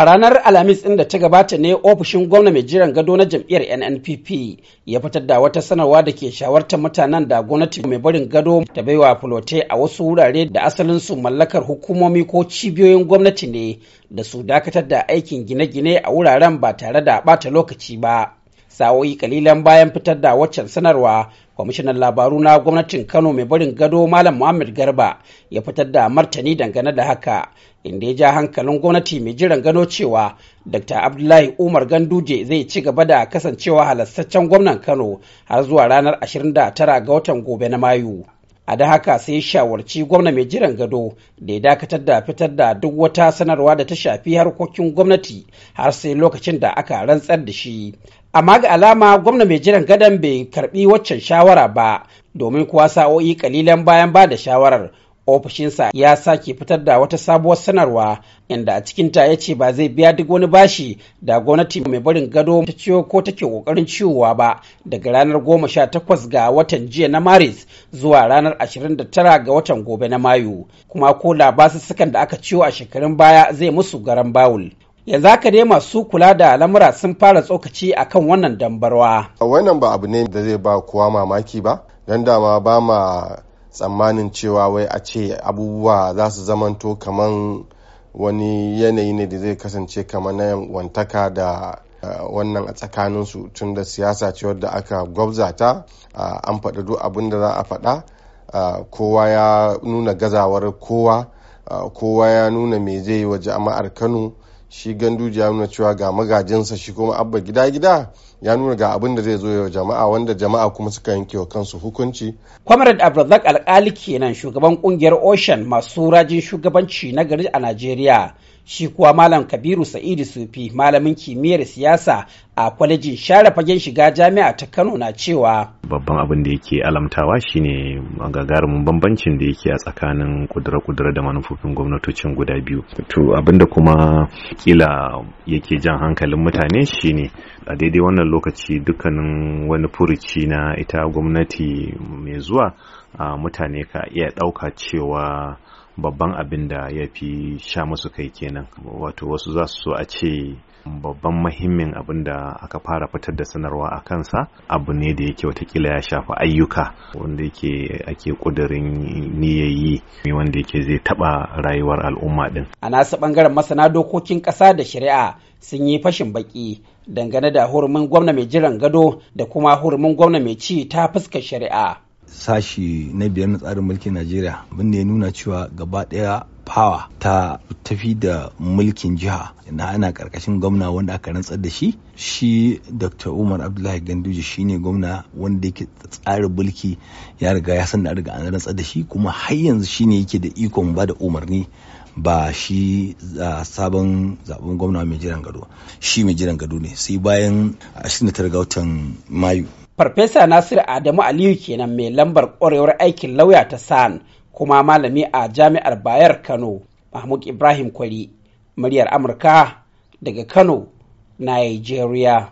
A ranar Alhamis ɗin da ta gabata ne ofishin gwamna mai jiran gado na jam'iyyar NNPP ya fitar da wata sanarwa da ke shawartar mutanen da gwamnati mai barin gado da baiwa fulote a wasu wurare da asalinsu mallakar hukumomi ko cibiyoyin gwamnati ne da su dakatar da aikin gine-gine a wuraren ba tare da ɓata lokaci ba. sa'o'i kalilan bayan fitar da waccan sanarwa kwamishinan labaru na gwamnatin kano mai barin gado malam muhammad garba ya fitar da martani dangane da haka inda ya ja hankalin gwamnati mai jiran gano cewa dr abdullahi umar ganduje zai ci gaba da kasancewa halastaccen gwamnan kano har zuwa ranar 29 ga watan gobe na mayu a da haka sai shawarci gwamna mai jiran gado da ya dakatar da fitar da duk wata sanarwa da ta shafi harkokin gwamnati har sai lokacin da aka rantsar da shi amma ga alama gwamna mai jiran gadon bai karbi waccan shawara ba domin kuwa sa'o'i kalilan bayan ba da shawarar ofishinsa ya sake fitar da wata sabuwar sanarwa inda a cikinta ya ce ba zai biya duk wani bashi da gwamnati mai barin gado ta ciyo ko take kokarin ciwowa ba daga ranar goma sha takwas ga watan jiya na maris zuwa ranar ashirin da tara ga watan gobe na mayu kuma ko sukan da aka ciwo a shekarun baya zai musu garan bawul yanzu haka dai masu kula da lamura sun fara tsokaci akan wannan dambarwa wannan ba abu ne da zai ba kowa mamaki ba don dama ba ma tsammanin cewa wai a ce abubuwa za su zamanto kaman wani yanayi ne da zai kasance kamar na wantaka da eh, wannan a tsakaninsu tun da siyasa ce wadda aka gwabzata an faɗa duk abin da za a faɗa kowa ya nuna gazawar kowa kowa ya nuna me zai yi wa jama'ar kano shi ganduji ya nuna cewa ga magajinsa shi kuma abba gida gida ya nuna ga abin da zai zo wa jama'a wanda jama'a kuma suka yanke wa kansu hukunci. Comrade Abdulrazak alkali kenan shugaban kungiyar Ocean masu rajin shugabanci na gari a Najeriya shi kuwa malam kabiru sa'idu sufi malamin kimiyyar siyasa a kwalejin share fagen shiga jami'a ta kano na cewa babban abin da yake alamtawa shine gagarumin bambancin da yake a tsakanin kudura-kudura da manufofin gwamnatocin guda biyu to da kuma kila yake jan hankalin mutane shine a daidai wannan lokaci dukkanin wani furuci na ita gwamnati mai zuwa mutane ka iya ɗauka cewa babban abin da ya fi sha musu kai kenan wato wasu za su so a ce babban mahimmin abin da aka fara fitar da sanarwa a kansa abu ne da yake watakila ya shafa ayyuka wanda yake ake kudirin niyayi wanda yake zai taba rayuwar al'umma din a nasu bangaren masana dokokin kasa da shari'a sun yi fashin baki dangane da hurumin gwamna mai jiran gado da kuma hurumin gwamna mai ci ta fuskar shari'a sashi na biyar na tsarin mulkin najeriya abinda ya nuna cewa gaba daya fawa ta tafi da mulkin jiha na ana karkashin gwamna wanda aka rantsar da shi shi dr umar abdullahi ganduje ne gwamna wanda yake tsarin mulki ya riga ya san da riga an rantsar da shi kuma har yanzu shi ne yake da ikon ba da umarni ba shi sabon zaben gwamna mai jiran gado shi mai jiran gado ne sai bayan 29 ga watan mayu Farfesa Nasiru Adamu Aliyu kenan mai lambar ƙwarewar aikin lauya ta SAN kuma malami a Jami'ar Bayar Kano, Mahmud Ibrahim Kwari, muryar Amurka daga Kano, Nigeria.